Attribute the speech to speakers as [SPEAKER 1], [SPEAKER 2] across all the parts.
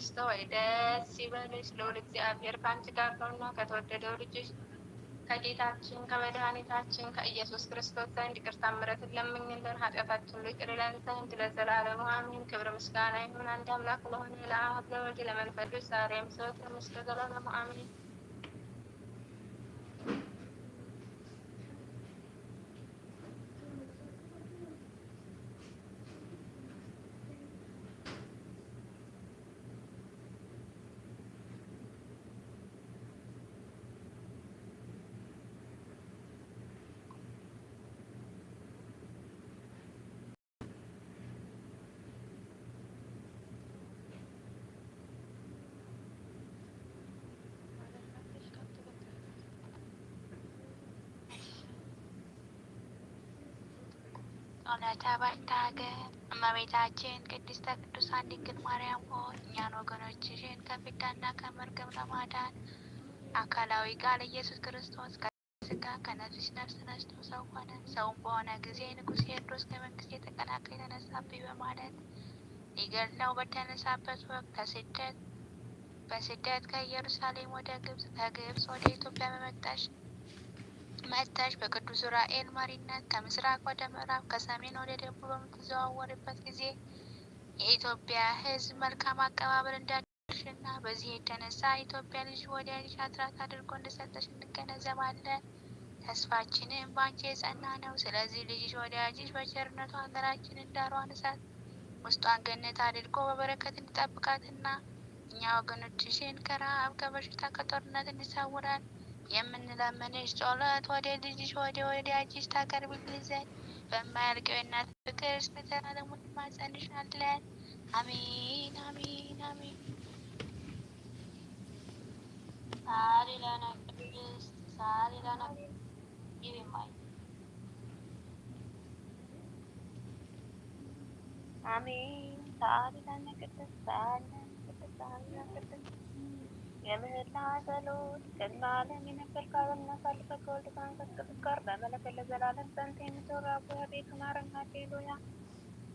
[SPEAKER 1] ቅድስት ሆይ ደስ ይበልሽ፣ ልዑል እግዚአብሔር ከአንቺ ጋር ነውና ከተወደደው ልጅሽ ከጌታችን ከመድኃኒታችን ከኢየሱስ ክርስቶስ ዘንድ ይቅርታን ምሕረትን ለምኝልን ኃጢአታችን ይቅር ይለን ዘንድ ለዘላለሙ አሜን። ክብር ምስጋና ይሁን አንድ አምላክ ለሆነ ለአብ ለወልድ ለመንፈስ ቅዱስ ዛሬም ዘወትርም እስከ ዘላለሙ አሜን። እውነት በታገን እመቤታችን ቅድስተ ቅዱሳን ድንግል ማርያም ሆይ እኛን ወገኖችሽን ከፍዳና ከመርገም ለማዳን አካላዊ ቃል ኢየሱስ ክርስቶስ ከስጋ ከነፍስ ነፍስ ነስቶ ሰው ሆነ። ሰውም በሆነ ጊዜ ንጉሥ ሄሮድስ ከመንግስት የተቀናቀለ የተነሳብኝ በማለት ሊገድለው በተነሳበት ወቅት ከስደት በስደት ከኢየሩሳሌም ወደ ግብፅ ከግብፅ ወደ ኢትዮጵያ በመጣሽ መጥተሽ በቅዱስ ዑራኤል መሪነት ከምስራቅ ወደ ምዕራብ ከሰሜን ወደ ደቡብ በምትዘዋወርበት ጊዜ የኢትዮጵያ ሕዝብ መልካም አቀባበል እና በዚህ የተነሳ ኢትዮጵያ ልጅ ልጅ አትራት አድርጎ እንደሰጠሽ እንገነዘባለን። ተስፋችንም በአንቺ የጸና ነው። ስለዚህ ልጅሽ ወዲያጅሽ በቸርነቱ ሀገራችን እንዳሯን እሳት ውስጧን ገነት አድርጎ በበረከት እንዲጠብቃትና እኛ ወገኖችሽን ከረሃብ ከበሽታ ከጦርነት እንዲሰውራል የምንለምንሽ ጸሎት ወደ ልጅሽ ወደ ወዳጅሽ ታቀርብልን ዘንድ በማያልቀው የእናት ፍቅር ስለዘላለሙ እንማጸንሻለን። አሜን አሜን አሜን። ሳሪ ለነ ቅድስት ሳሪ ለነ ይብማይ አሜን ሳሪ ለነ ቅድስት ሳሪ ለነ ቅድስት ሳሪ ለነ ቅድስት የምህላ ጸሎት ለዘላለም የነበር ካበል እናሳልፈ ከወልድ ከመንፈስ ቅዱስ ጋር በመለከት ለዘላለም ጸንተ የምትኖር አቡነ ቤቱ ማረን። ሃሌሉያ።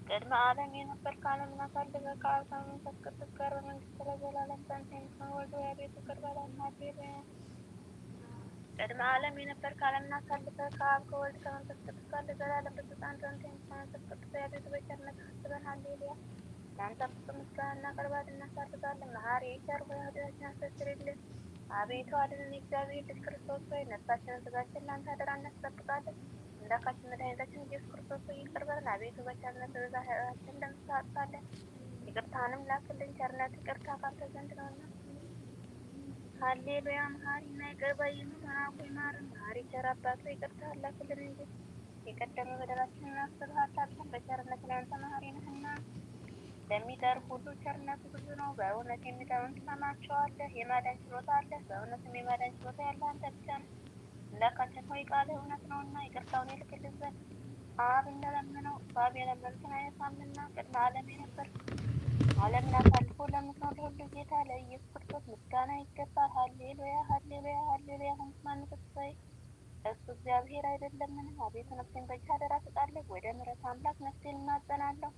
[SPEAKER 1] ቅድመ ዓለም የነበር ካለም እናሳልፈ ከአብ ከመንፈስ ቅዱስ ጋር በመንግስት ለዘላለም ጸንተ የምትኖር ቤቱ ቅድመ ዓለም የነበር ካለም እናሳልፈ ከአብ ከወልድ ከመንፈስ ቅዱስ ጋር ለዘላለም በስልጣን ጸንተ የምትኖር ቤቱ በቸርነት አስበን። ሃሌሉያ ለአንተ ፍጹም ምስጋና እናቀርባት እናሳርጋለን። መሐሪ ቸር ሆይ ኃጢአታችንን አስተሰርይልን። አቤቱ አድነን። እግዚአብሔር ልጅ ክርስቶስ ሆይ ነፍሳችንን ስጋችን ለአንተ አደራ እናስጠብቃለን። አምላካችን መድኃኒታችን ኢየሱስ ክርስቶስ ሆይ ይቅር በለን። አቤቱ በቸርነት ብዛት ኃጢአታችንን እንደምታጥፋለን ይቅርታንም ላክልን። ቸርነት ይቅርታ ካንተ ዘንድ ነውና። ሃሌሉያ። መሐሪና ይቅር ባይ ምሕረቱ ይማረን። መሀሪ ቸር አባቶ ይቅርታ ላክልን እንጂ የቀደመ በደላችን አስብ ሀሳብን በቸርነት ለአንተ መሀሪ ነህና ለሚጠሩ ሁሉ ቸርነቱ ብዙ ነው። በእውነት የሚጠሩን ትሰማቸዋለህ። የማዳን ችሎታ አለ። በእውነትም የማዳን ችሎታ ያለ አንተ ብቻ ነው። አምላካችን ሆይ ቃልህ እውነት ነው እና ይቅርታውን ይልክልን አብ እንደለምነው በአብ የለመኑትን አይነሳምና ቅድመ ዓለም የነበር ዓለምን አሳልፎ ለምትኖር ሁሉ ጌታ ለኢየሱስ ክርስቶስ ምስጋና ይገባል። ሀሌሉያ ሀሌሉያ ሀሌሉያ ሁንስማንቅሳይ እሱ እግዚአብሔር አይደለምን? አቤቱ ነፍሴን በእጅህ አደራ ስጣለሁ። ወደ ምሕረት አምላክ ነፍሴን እናጸናለሁ።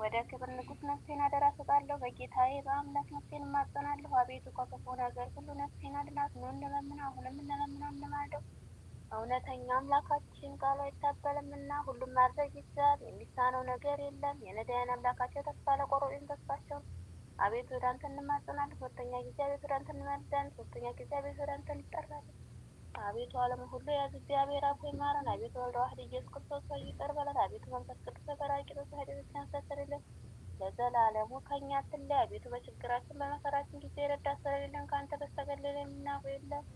[SPEAKER 1] ወደ ክብር ንጉስ ነፍሴን አደራ ሰጣለሁ። በጌታዬ በአምላክ ነፍሴን እማጸናለሁ። አቤቱ ከክፉ ነገር ሁሉ ነፍሴን አድናት። ነው እንለምና አሁንም እንለምና እንማልደው። እውነተኛ አምላካችን ቃሉ አይታበልም እና ሁሉም ማድረግ ይችላል። የሚሳነው ነገር የለም። የነዳያን አምላካቸው ተስፋ ለቆረጡን ተስፋቸውን አቤቱ ወደ አንተ እንማጸናለን። ሁለተኛ ጊዜ አቤቱ ወደ አንተ እንመልሰን። ሶስተኛ ጊዜ አቤቱ ወደ አንተ እንጠራለን። አቤቱ ዓለም ሁሉ ያዝ እግዚአብሔር አብ ሆይ ማረን። አቤቱ ወልደ ዋህድ ኢየሱስ ክርስቶስ ሆይ ይቅር በለን። አቤቱ መንፈስ ቅዱስ ተበራቂ ተሳደሮች ያንሰሰርልን ለዘላለሙ ከኛ ትለይ። አቤቱ በችግራችን በመከራችን ጊዜ ረዳት ስለሌለን ከአንተ በስተቀር ሌላ የምናውቀው የለም።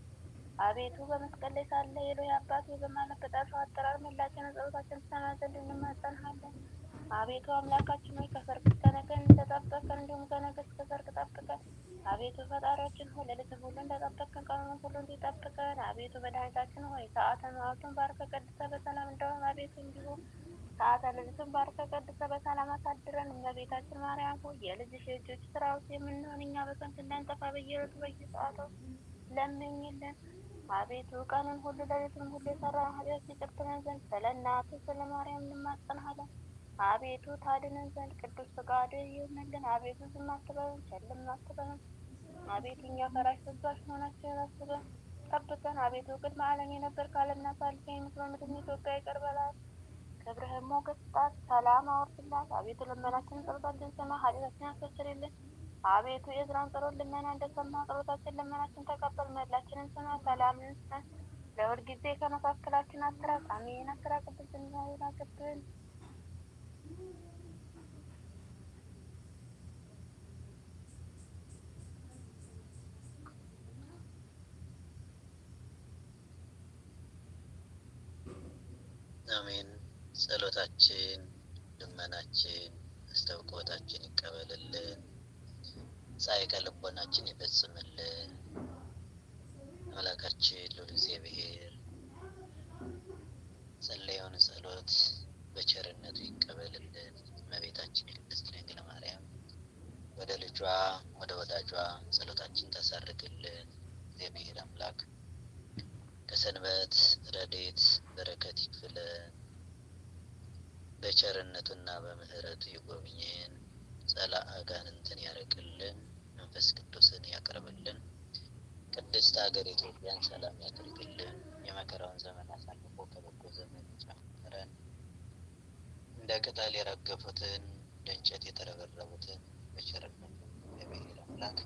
[SPEAKER 1] አቤቱ በመስቀል ላይ ሳለ ሄሎይ አባት በማለበጣቸው አጠራር መላችን ጸሎታችን ትሰማ ዘንድ እንማጸንሃለን። አቤቱ አምላካችን ሆይ ከሰርግ ከነገ እንደጠበቀን እንዲሁም ከነገ እስከ ሰርግ ጠብቀን አቤቱ ፈጣሪያችን ሆይ ሌሊቱን ሁሉ እንደጠበቅከን ቀኑን ሁሉ እንዲጠብቀን አቤቱ መድኃኒታችን ሆይ ሰዓተ መዓልቱን ባርከ ቀድሰ በሰላም እንደሆን አቤቱ እንዲሁ ሰዓተ ሌሊቱን ባርከ ቀድሰ በሰላም አሳድረን። እመቤታችን ማርያም ሆይ የልጅሽ የእጆች ስራ ውስጥ የምንሆን እኛ በከንቱ እንዳንጠፋ በየዕለቱ በየሰዓቱ ለምኝልን። አቤቱ ቀኑን ሁሉ ሌሊቱን ሁሉ የሰራን ኃጢአት ይቅር ትለን ዘንድ ስለ እናቱ ስለ ማርያም እንማጸንሃለን። አቤቱ ታድነን ዘንድ ቅዱስ ፈቃድህ ይሁንልን። አቤቱ ዝም አትበለን፣ ቸልም አትበለን አቤት እኛ ፈራሽ ተስፋሽ መሆናችንን አስበን ጠብቀን፣ አቤቱ ወቅት ዓለም የነበር ካለምና ሳልፈ የምስሎ ምድርን ኢትዮጵያ ይቀርበላል። ክብርህን ሞገስጣት ሰላም አውርድላት። አቤቱ ልመናችን ጸሎታችን ስማ፣ ኃጢአታችን አስተሰርይልን። አቤቱ የዕዝራን ጸሎት ልመና እንደሰማ ጸሎታችን ልመናችን ተቀበል። መላችንን ስማ፣ ሰላምን ስጠን። ለሁልጊዜ ከመካከላችን አትራቅ። አሜን። አትራቅብን፣ ዝናይን አቅብን አሜን። ጸሎታችን፣ ልመናችን፣ መስተብቆታችን ይቀበልልን። ጻይቀ ልቦናችን ይፈጽም እንደ ቅጠል የረገፉትን እንደ እንጨት የተረበረቡትን በቸርነት እግዚአብሔር አምላክ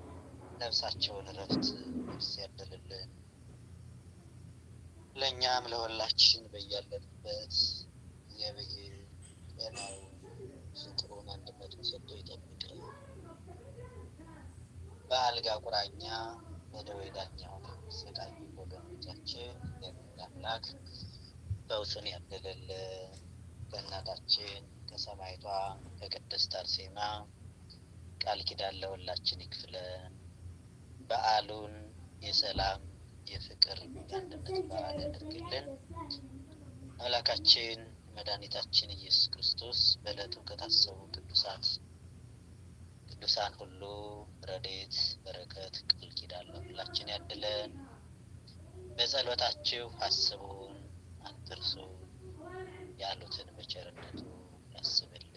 [SPEAKER 1] ነፍሳቸውን እረፍት ነፍስ ያደልልን ለእኛም ለሁላችን በያለንበት እግዚአብሔር ጤናው ፍቅሩን አንድነቱን ሰጥቶ ይጠብቅ። በአልጋ ቁራኛ በደዌ ዳኛ የሚሰቃዩ ወገኖቻችን እግዚአብሔር አምላክ በውስን ያደለልን ከእናታችን ከሰማይቷ ከቅድስት አርሴማ ቃል ኪዳን ለሁላችን ይክፍለን። በዓሉን የሰላም የፍቅር የአንድነት በዓል ያደርግልን። አምላካችን መድኃኒታችን ኢየሱስ ክርስቶስ በዕለቱ ከታሰቡ ቅዱሳት ቅዱሳን ሁሉ ረዴት በረከት ቃል ኪዳን ለሁላችን ያድለን። በጸሎታችሁ አስቡን አንትርሱ። ያሉትን በቸርነቱ ያስብልን፣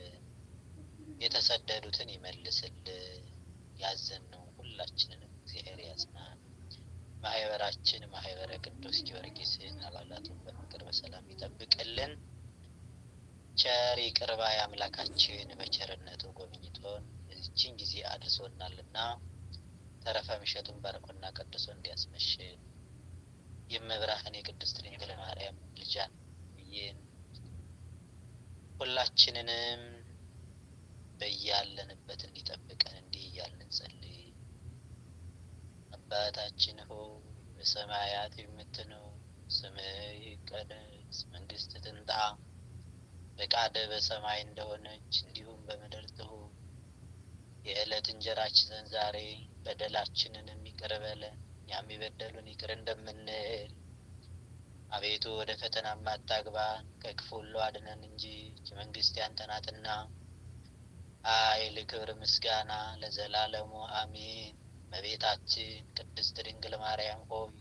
[SPEAKER 1] የተሰደዱትን ይመልስልን፣ ያዘንነው ሁላችንንም እግዚአብሔር ያጽናን። ማህበራችን ማህበረ ቅዱስ ጊዮርጊስን አባላቱን በፍቅር በሰላም ይጠብቅልን። ቸር ይቅር የአምላካችን አምላካችን በቸርነቱ ጎብኝቶን እዚችን ጊዜ አድርሶናልና ተረፈ ምሸቱን ባርኮና ቀድሶ እንዲያስመሽን የመብራህን የቅድስት ድንግል ማርያም ልጃን ይን ሁላችንንም በያለንበት እንዲጠብቀን እንዲህ እያልን ጸልይ። አባታችን ሆይ በሰማያት የምትኖር ስምህ ይቀደስ፣ መንግስት ትምጣ፣ ፈቃድህ በሰማይ እንደሆነች እንዲሁም በምድር ትሁን። የዕለት እንጀራችንን ዛሬ በደላችንን ይቅር በለን እኛም የበደሉን ይቅር እንደምንል አቤቱ ወደ ፈተና ማታግባ ከክፉ ሁሉ አድነን እንጂ መንግስት ያንተ ናትና፣ ኃይል፣ ክብር፣ ምስጋና ለዘላለሙ አሜን። እመቤታችን ቅድስት ድንግል ማርያም ሆይ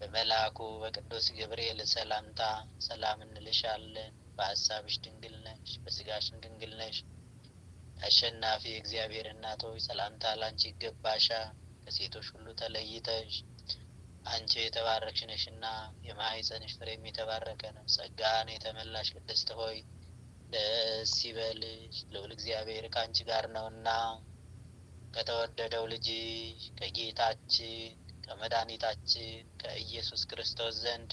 [SPEAKER 1] በመልአኩ በቅዱስ ገብርኤል ሰላምታ ሰላም እንልሻለን። በሀሳብሽ ድንግል ነሽ፣ በስጋሽም ድንግል ነሽ። አሸናፊ እግዚአብሔር እናት ሆይ ሰላምታ ላንቺ ይገባሻል። ከሴቶች ሁሉ ተለይተሽ አንቺ የተባረክሽ እና የማኅፀንሽ ፍሬም የተባረከ ነው። ጸጋን የተመላሽ ቅድስት ሆይ ደስ ይበልሽ፣ ልዑል እግዚአብሔር ከአንቺ ጋር ነውና ከተወደደው ልጅሽ ከጌታችን ከመድኃኒታችን ከኢየሱስ ክርስቶስ ዘንድ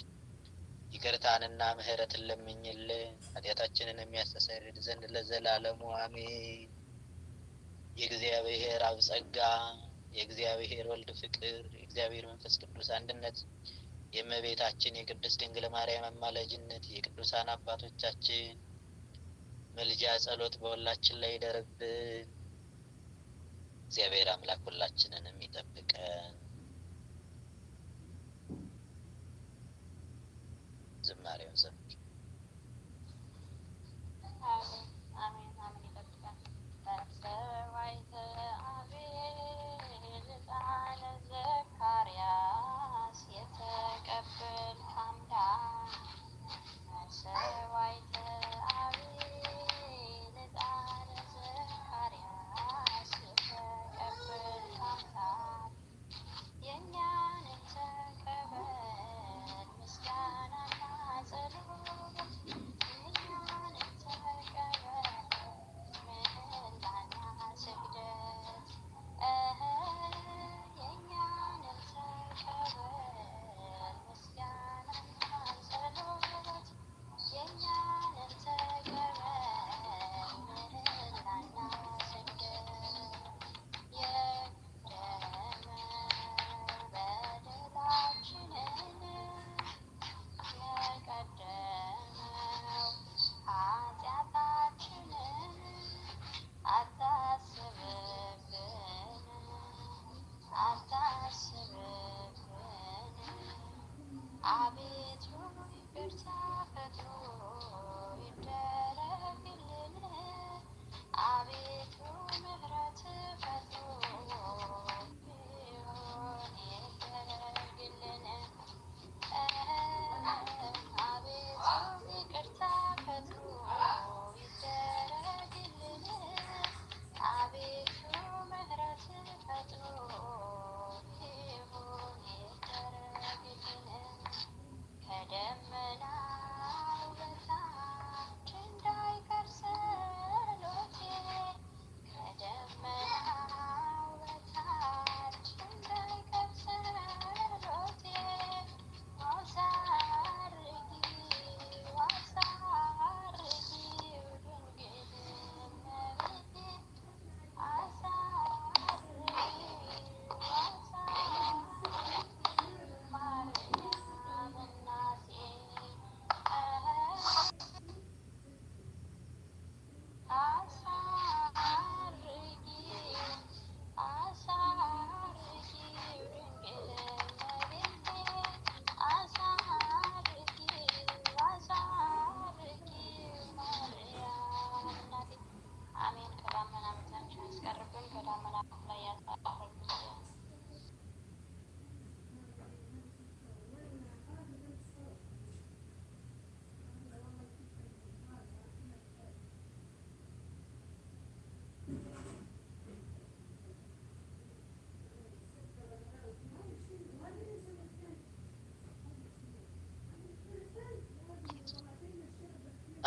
[SPEAKER 1] ይቅርታንና ምሕረትን ለምኝልን ኃጢአታችንን የሚያስተሰርድ ዘንድ ለዘላለሙ አሜን። የእግዚአብሔር አብ ጸጋ የእግዚአብሔር ወልድ ፍቅር የእግዚአብሔር መንፈስ ቅዱስ አንድነት፣ የእመቤታችን የቅድስት ድንግል ማርያም አማላጅነት፣ የቅዱሳን አባቶቻችን መልጃ ጸሎት በሁላችን ላይ ይደርብን። እግዚአብሔር አምላክ ሁላችንንም ይጠብቀን። ዝማሬውን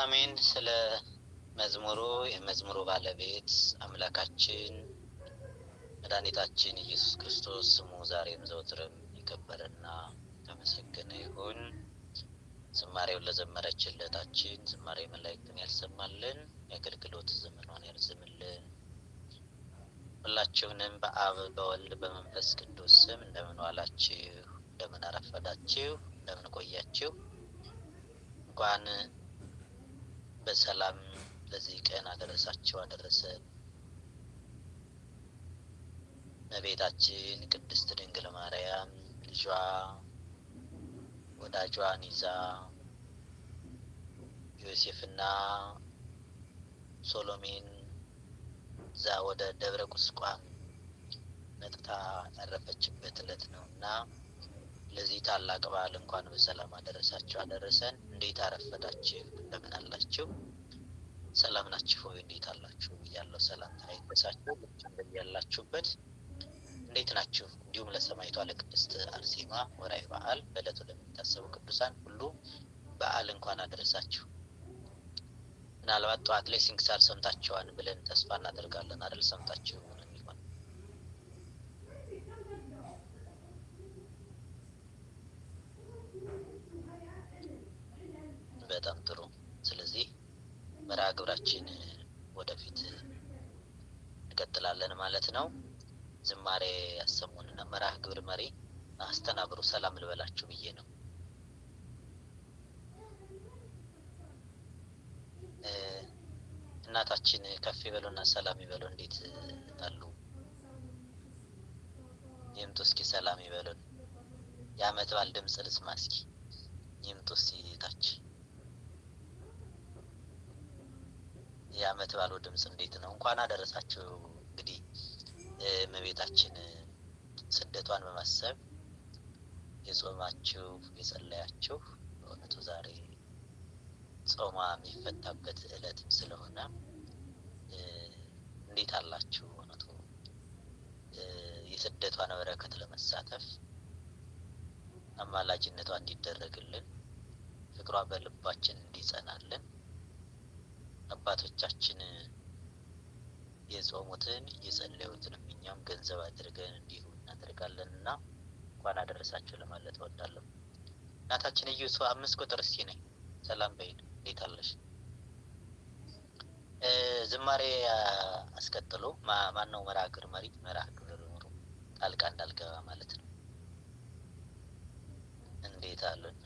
[SPEAKER 1] አሜን። ስለ መዝሙሩ የመዝሙሩ ባለቤት አምላካችን መድኃኒታችን ኢየሱስ ክርስቶስ ስሙ ዛሬም ዘውትርም የከበረና ተመሰገነ ይሁን። ዝማሬውን ለዘመረችለታችን ዝማሬ መላእክትን ያልሰማልን የአገልግሎት ዘመኗን ያርዝምልን። ሁላችሁንም በአብ በወልድ በመንፈስ ቅዱስ ስም እንደምን ዋላችሁ፣ እንደምን አረፈዳችሁ፣ እንደምን ቆያችሁ እንኳን በሰላም ለዚህ ቀን አደረሳቸው አደረሰ። እመቤታችን ቅድስት ድንግል ማርያም ልጇ ወዳጇን ይዛ ዮሴፍና ሶሎሜን እዛ ወደ ደብረ ቁስቋም መጥታ ያረፈችበት ዕለት ነው እና ለዚህ ታላቅ በዓል እንኳን በሰላም አደረሳችሁ አደረሰን። እንዴት አረፈዳችሁ? እንደምን አላችሁ? ሰላም ናችሁ ወይ? እንዴት አላችሁ? እያለው ሰላምታ ይድረሳችሁ ያላችሁበት እንዴት ናችሁ? እንዲሁም ለሰማዕቷ ለቅድስት አርሴማ ወራዊ በዓል በዕለቱ ለሚታሰቡ ቅዱሳን ሁሉ በዓል እንኳን አደረሳችሁ። ምናልባት ጠዋት ላይ ስንክሳር ሰምታችኋን ብለን ተስፋ እናደርጋለን። አደል ሰምታችሁ በጣም ጥሩ። ስለዚህ መርሃ ግብራችን ወደፊት እንቀጥላለን ማለት ነው። ዝማሬ ያሰሙንና መርሃ ግብር መሪ አስተናብሩ ሰላም ልበላችሁ ብዬ ነው። እናታችን ከፍ ይበሉና ሰላም ይበሉ። እንዴት አሉ? ይምጡ እስኪ ሰላም ይበሉን። የአመት በዓል ድምፅ ልስማ እስኪ። ይምጡ እስኪ ታች የአመት ባሉ ድምፅ እንዴት ነው? እንኳን አደረሳችሁ። እንግዲህ መቤታችን ስደቷን በማሰብ የጾማችሁ የጸለያችሁ በእውነቱ ዛሬ ጾማ የሚፈታበት እለትም ስለሆነ እንዴት አላችሁ? እውነቱ የስደቷን በረከት ለመሳተፍ አማላጅነቷ እንዲደረግልን ፍቅሯ በልባችን እንዲጸናልን አባቶቻችን የጾሙትን የጸለዩትን እኛም ገንዘብ አድርገን እንዲሁ እናደርጋለን እና እንኳን አደረሳችሁ ለማለት እወዳለሁ። እናታችን ኢየሱስ አምስት ቁጥር እስቲ ነኝ ሰላም በይ እንዴት አለሽ? ዝማሬ አስቀጥሎ ማነው መርሃ ግብር መሪት መርሃ ግብር ጣልቃ እንዳልገባ ማለት ነው። እንዴት አሉን?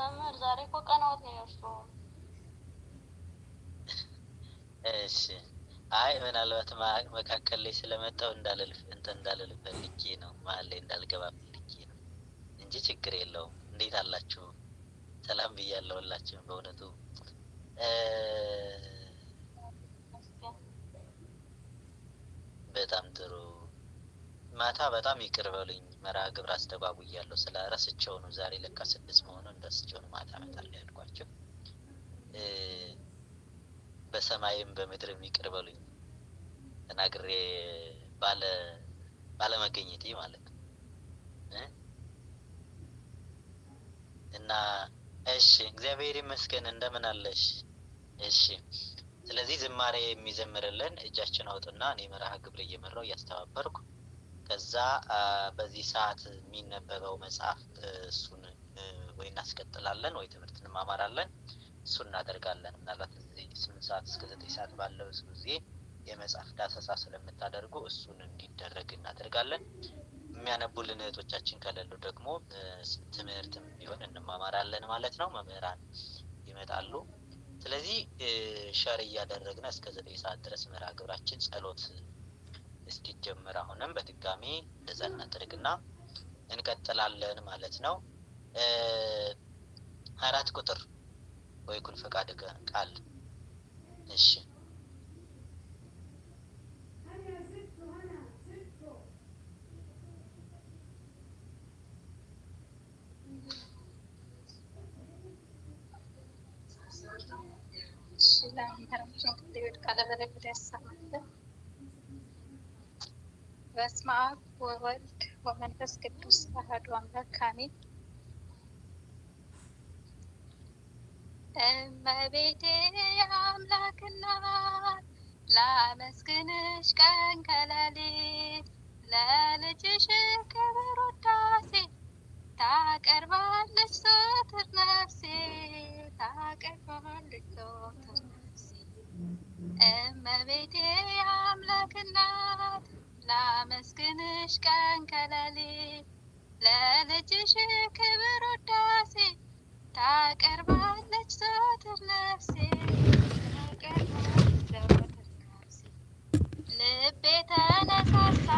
[SPEAKER 1] መምህር ዛሬ እኮ ነው የእርሱ። እሺ አይ ምናልባት መካከል ላይ ስለመጣው እንዳልልፍ እንትን እንዳልልፈልጌ ነው መሀል ላይ እንዳልገባ ፈልጌ ነው እንጂ ችግር የለውም። እንዴት አላችሁ? ሰላም ብያለሁላችሁ። በእውነቱ በጣም ጥሩ ማታ በጣም ይቅር በሉኝ፣ መርሃ ግብር አስተጓጉያለሁ ስለ ረስቸው ነው። ዛሬ ለካ ስድስት መሆኑን ረስቸው ነው። ማታ እመጣለሁ ያልኳቸው በሰማይም በምድርም ይቅር በሉኝ ተናግሬ ባለ ባለመገኘቴ ማለት ነው እና እሺ፣ እግዚአብሔር ይመስገን እንደምን አለሽ? እሺ ስለዚህ ዝማሬ የሚዘምርልን እጃችን አውጡና እኔ መርሃ ግብር እየመራው እያስተባበርኩ ከዛ በዚህ ሰዓት የሚነበበው መጽሐፍ እሱን ወይ እናስቀጥላለን ወይ ትምህርት እንማማራለን። እሱ እናደርጋለን። ምናልባት እዚህ ስምንት ሰዓት እስከ ዘጠኝ ሰዓት ባለው ጊዜ የመጽሐፍ ዳሰሳ ስለምታደርጉ እሱን እንዲደረግ እናደርጋለን። የሚያነቡልን እህቶቻችን ከሌሉ ደግሞ ትምህርትም ቢሆን እንማማራለን ማለት ነው። መምህራን ይመጣሉ። ስለዚህ ሸር እያደረግነ እስከ ዘጠኝ ሰዓት ድረስ መርሃ ግብራችን ጸሎት እስኪጀምር አሁንም በድጋሚ እንደዛ እናድርግና እንቀጥላለን ማለት ነው። አራት ቁጥር ወይ ኩን ፈቃድ ቃል እሺ ካለበለ ቃለበለግዳ ያሰማለን በስመ አብ ወወልድ ወመንፈስ ቅዱስ አሐዱ አምላክ አሜን። እመቤቴ አምላክ እናት ላመስግንሽ ቀን ከሌሊት ለልጅሽ ክብር ውዳሴ ታቀርባለች ዞትር ነፍሴ ታቀርባለች ዞትር ነፍሴ እመቤቴ ላመስግንሽ ቀን ከለሌ ለልጅሽ ክብር ውዳሴ ታቀርባለች ዘወትር ነፍሴ ልቤ ተነሳሳ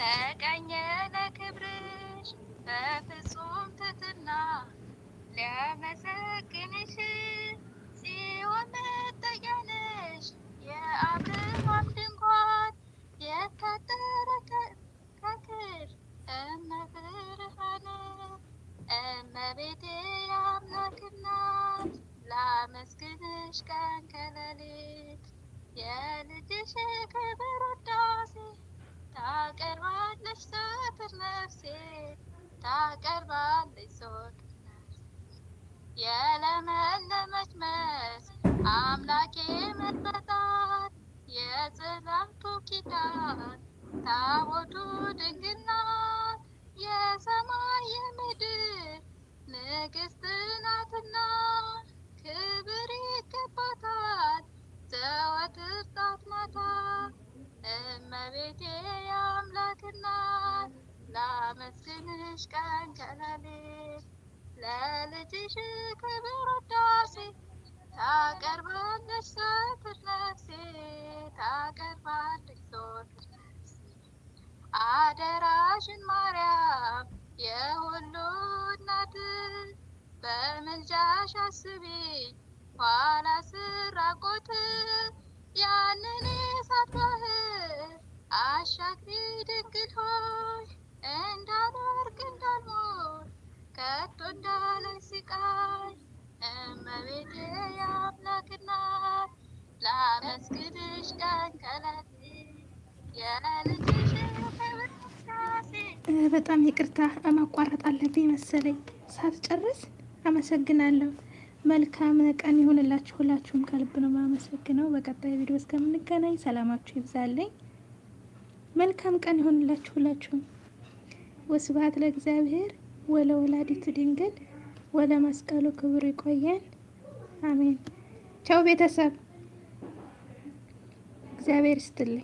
[SPEAKER 1] ተቀኘ ለክብርሽ በፍጹም ትትና ለመሰግንሽ ጽዮን መጠጊያ ነሽ የአብ Nereye kadar kalkır ömür hani Emme bitir anlakınat La meskiniş kankalalit Yeli dişi kıvır uddasi Ta kervanlış sotur nefsi Ta kervanlış sotur nefsi Yelemen demek amla Amlakimet batar የጽላቱ ኪዳን ታቦቱ ድንግና የሰማይ የምድር ንግስት ናትና ክብር ይገባታል ዘወትር ጧት ማታ እመቤቴ የአምላክ እናት ላመስግንሽ ቀን ከሌሊት ለልጅሽ ክብር ውዳሴ ታቀርባለች ዘወትር አደራሽን ማርያም የሁሉ እናት በምልጃሽ አስቢኝ ኋላ ስራቆት ያንን እሳት ባህር አሻግሪ ድንግል ሆይ እንዳልወድቅ እንዳልሞት ከቶ እንዳላይ ስቃይ እመቤቴ ላመስግንሽ ቀን የልጅሽ በጣም ይቅርታ ማቋረጥ አለብኝ መሰለኝ ሳትጨርስ አመሰግናለሁ። መልካም ቀን ይሁንላችሁ። ሁላችሁም ከልብ ነው ማመሰግነው። በቀጣይ ቪዲዮ እስከምንገናኝ ሰላማችሁ ይብዛለኝ። መልካም ቀን ይሁንላችሁ ሁላችሁም። ወስብሐት ለእግዚአብሔር ወለወላዲቱ ድንግል ወደ መስቀሉ ክብር ይቆየን። አሜን። ቸው ቤተሰብ፣ እግዚአብሔር ይስጥልኝ።